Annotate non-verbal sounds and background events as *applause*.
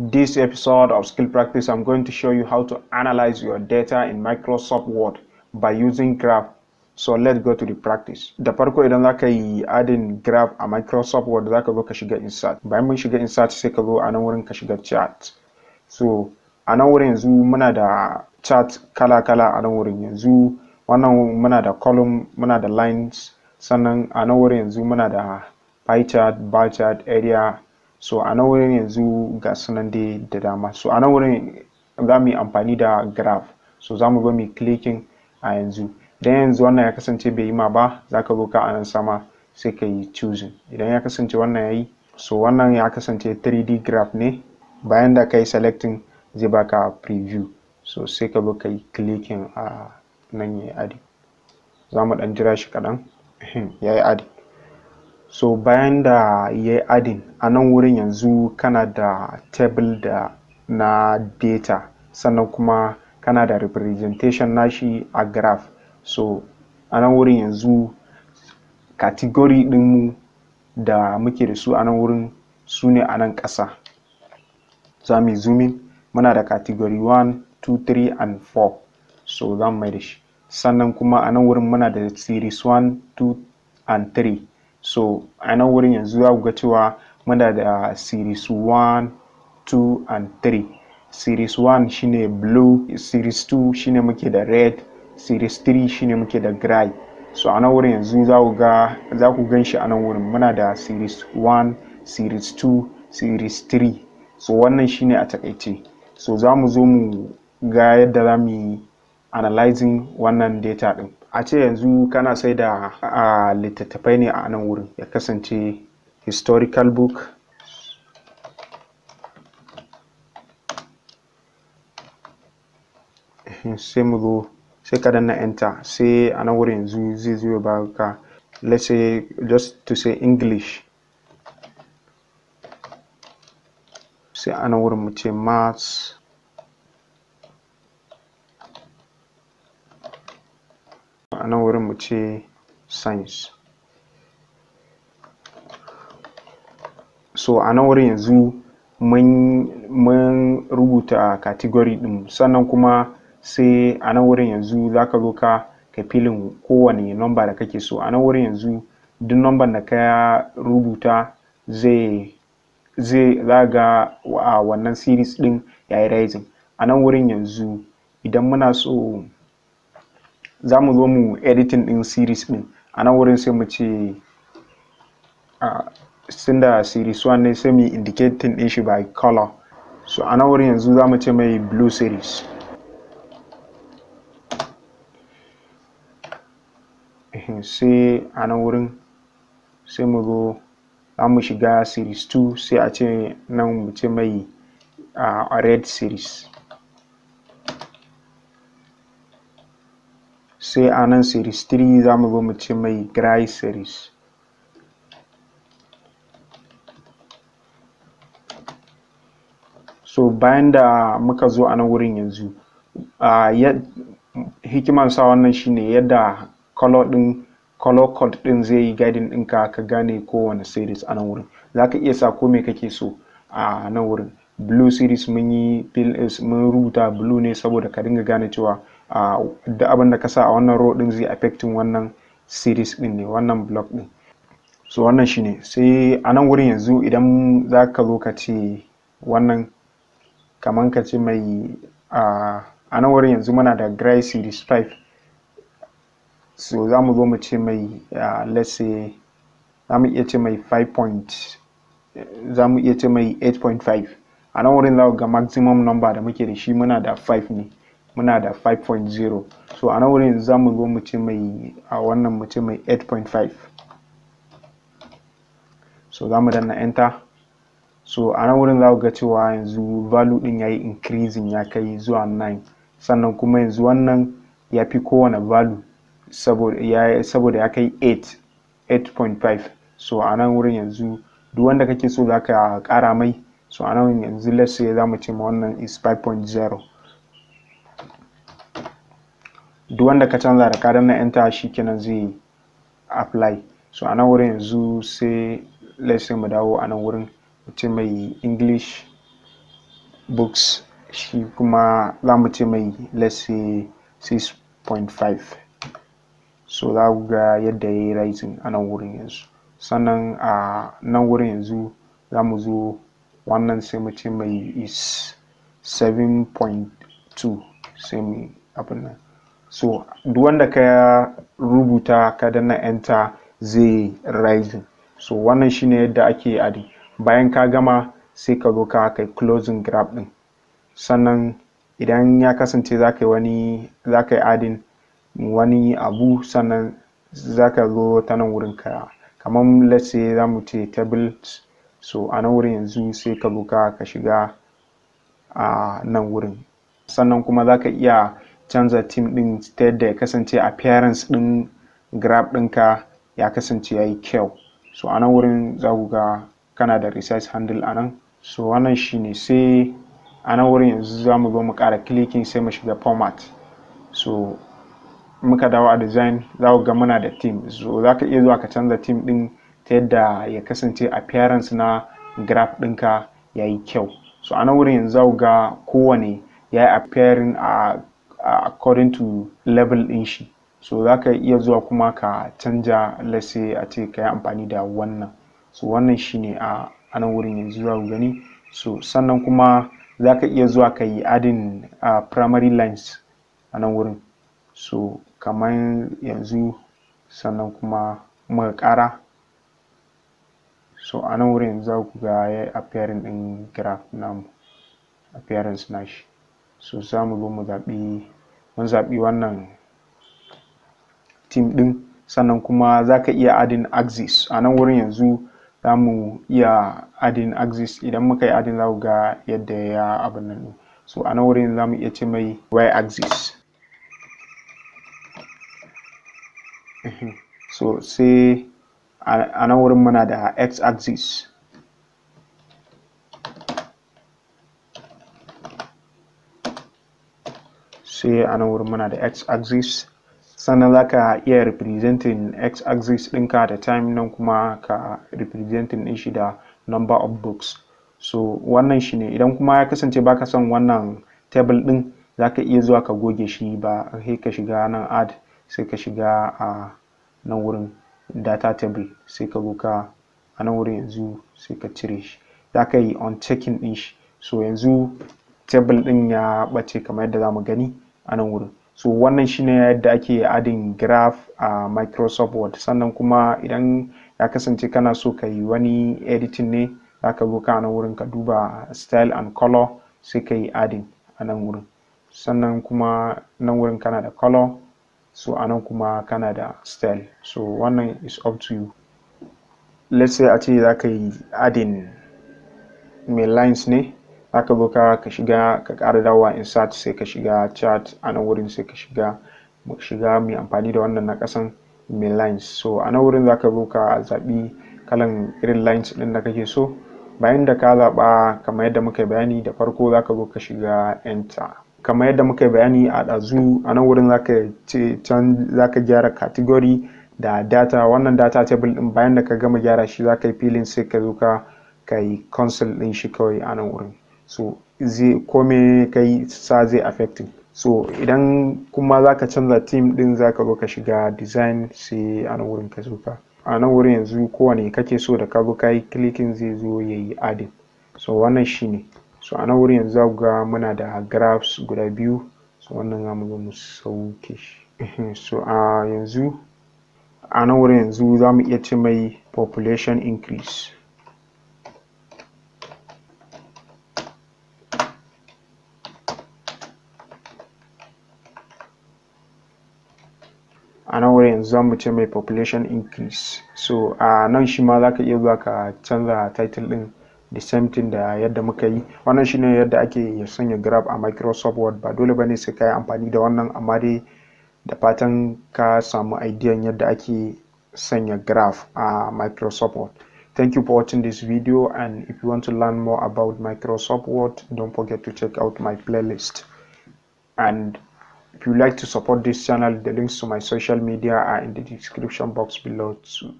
this episode of skill practice i'm going to show you how to analyze your data in microsoft word by using graph so let's go to the practice da farko idan zaka yi adin graph a microsoft word zaka ka zo ka shiga insert bayan mun shiga insert sai ka zo a nan wurin ka shiga chart so a nan wurin yanzu muna da chart kala kala a nan wurin yanzu wannan muna da column muna da lines sannan a nan wurin yanzu muna da pie chart bar chart area so a nan wurin yanzu ga sunan dai da dama so a nan wurin za mu yi amfani da graph so za mu zo mu clicking a yanzu idan yanzu wannan ya kasance bai yi ma ba za ka zo ka a nan sama sai ka yi choosing idan ya kasance wannan ya yi so wannan ya kasance 3d graph ne bayan da ka yi selecting zai baka preview so sai ka zo yi clicking a nan ya yi adi za mu ɗan jira shi kaɗan *clears throat* ya yi adi so bayan da ya yi adin a nan wurin yanzu kana da table da na data sannan kuma kana da representation nashi a graph so a nan wurin yanzu category ɗinmu da muke da su a nan wurin su ne a nan ƙasa za mu zoom in muna da category 1 2 3 and 4 so za mu mai da shi sannan kuma a nan wurin muna da series 1 2 and 3 so a nan wurin yanzu za ku ga cewa muna da series 1 2 and 3 series 1 shine blue series 2 shine muke da red series 3 shine muke da gray so a nan wurin yanzu za ku ga za ku gan shi a nan wurin muna da series 1 series 2 series 3 so wannan shine a takaice so za mu zo mu ga yadda za mu yi analyzing wannan data din a ce yanzu kana sai da littattafai ne a nan wurin ya kasance historical book sai mu zo sai ka danna enter sai a nan wurin yanzu zai zo ya baka let's say just to say english sai a nan wurin mu ce maths nan wurin mu ce science so a nan wurin yanzu mun rubuta category ɗin sannan kuma sai a nan wurin yanzu za ka zo ka ka filin kowane number da kake so a nan wurin yanzu duk number da ka rubuta zai zai za ga a wannan series ɗin yayi rising a nan wurin yanzu idan muna so za mu zo mu editing din series din a nan wurin sai mu ce a sun da series 1 ne sai mu indicating din shi by color so a nan wurin yanzu za mu ce mai blue series sai a nan wurin sai mu zo za mu shiga series 2 sai a ce nan mu ce mai a red series sai a nan series 3 za mu zo mu ce mai gray series so bayan da muka zo a nan wurin yanzu hikiman sa wannan shine yadda color din color code din zai yi gadin ɗinka ka gane kowane series a nan wurin za ka iya sa ko me kake so a nan wurin blue series mun yi mun rubuta blue ne saboda ka dinga gane cewa da abin da ka sa a wannan row din zai affecting wannan series din ne wannan block din so wannan shine sai a nan wurin yanzu idan za ka zo ka ce wannan kamar ka ce mai a nan wurin yanzu muna da gray series 5 so za mu zo mu ce mai let's say za mu iya ce mai 5 za mu iya ce mai 8.5 a nan wurin za ga maximum number da muke da shi muna da 5 ne muna da 5.0 so a nan wurin za mu zo mu ce mai a wannan mu ce mai 8.5 so za mu danna enter so a nan wurin za ku ga cewa yanzu value din yayi increasing ya kai zuwa 9 sannan kuma yanzu wannan ya fi kowane value saboda ya kai 8 8.5 so a nan wurin yanzu duk wanda kake so za ka kara mai so a nan yanzu let's say za mu ce ma wannan is 5.0 duk wanda ka canza da kadan na enter kenan zai apply so a nan wurin yanzu sai let's mu dawo a nan wurin mu ce mai english books shi kuma za mu ce mai let's say 6.5 so za ku ga yadda ya yi writing a nan wurin yanzu sannan a nan wurin yanzu za mu zo wannan sai mu ce mai is 7.2 sai mu abin nan so duk wanda ka rubuta ka danna enta zai rising so wannan shine yadda ake adi bayan ka gama sai ka zo ka kai closing grab din sannan idan ya kasance za ka yi wani za ka yi adin wani abu sannan za ka zo ta nan wurin ka kamar let's say za mu ce tables so a nan wurin yanzu sai ka zo ka shiga a nan wurin sannan kuma za ka iya canza tim din ta yadda ya kasance appearance ɗin grab ɗinka ya kasance ya yi kyau so a nan wurin za ku ga kana da resize handle a nan so wannan shi ne sai a nan wurin yanzu za mu zo mu ƙara clicking sai mu shiga format so muka dawo a design za ku ga muna da team so za ka iya zuwa ka canza team din ta yadda ya kasance appearance na graf ɗinka ya yi kyau so a nan wurin yanzu za ku ga kowane ya yi appearing a according to level ɗin shi so za ka iya zuwa kuma ka canja lase a ce ka yi amfani da wannan so wannan ne a anan wurin yanzu zuwa gani so sannan kuma za ka iya zuwa ka yi adin a primary lines a nan wurin so kamar yanzu sannan kuma muka ƙara so a nan wurin za ku ga ya appearing din graph namu appearance shi. so za mu zo mu zaɓi mun zaɓi wannan team ɗin sannan kuma za ka iya adin axis a nan wurin yanzu za mu iya adin axis idan muka yi adin za ga yadda ya abin nan so a nan wurin za mu iya ce mai y axis so sai a nan wurin muna da x axis sai a nan wurin muna da x axis sannan za ka iya representing x axis ɗinka da time nan kuma ka representing ɗin shi da number of books so wannan shi ne idan kuma ya kasance baka son wannan table ɗin za ka iya zuwa ka goge shi ba sai ka shiga nan add sai ka shiga a nan wurin data table sai ka zo ka a nan wurin yanzu sai ka cire shi za ka yi on checking ɗin shi so yanzu table ɗin ya ɓace kamar yadda za mu gani a nan wurin so wannan shine yadda ake adin graph a microsoft word sannan kuma idan ya kasance kana so ka yi wani editing ne za ka zo ka nan wurin ka duba style and color sai ka yi adin a nan wurin sannan kuma nan wurin kana da color so a nan kuma kana da style so wannan is up to you let's say a ce za ka yi adin mai lines ne zaka zo ka ka shiga ka ƙara dawowa insert sai ka shiga chart a nan wurin sai ka shiga shiga mai amfani da wannan na ƙasan mai lines so a nan wurin zaka zo ka zabi kalan irin lines ɗin da kake so bayan da ka zaɓa kamar yadda muka bayani da farko zaka zo ka shiga enter kamar yadda muka bayani a ɗazu a nan wurin zaka ce can zaka gyara category da data wannan data table ɗin bayan da ka gama gyara shi zaka yi filin sai ka zo ka kai console ɗin shi kawai a nan wurin so zai kome kai sa zai affecting so idan kuma za ka canza team din za ka zo ka shiga design sai a nan wurin ka zuka a nan wurin yanzu kowane kake so da ka zo ka yi clicking zai zo ya yi adding so wannan shi ne. so a nan wurin yanzu za ga muna da graphs guda biyu so wannan za mu zo mu sauke shi *laughs* so a yanzu a nan wurin yanzu za mu iya ce mai population increase a nan wurin yanzu za ce mai population increase so a nan shi ma za ka iya zuwa ka canza title din the same thing da yadda muka yi wannan shi ne yadda ake sanya graph a microsoft word ba dole bane sai ka yi amfani da wannan amma dai da fatan ka samu idean yadda ake sanya graph a microsoft word thank you for watching this video and if you want to learn more about microsoft word don't forget to check out my playlist and If you like to support this channel, the links to my social media are in the description box below too.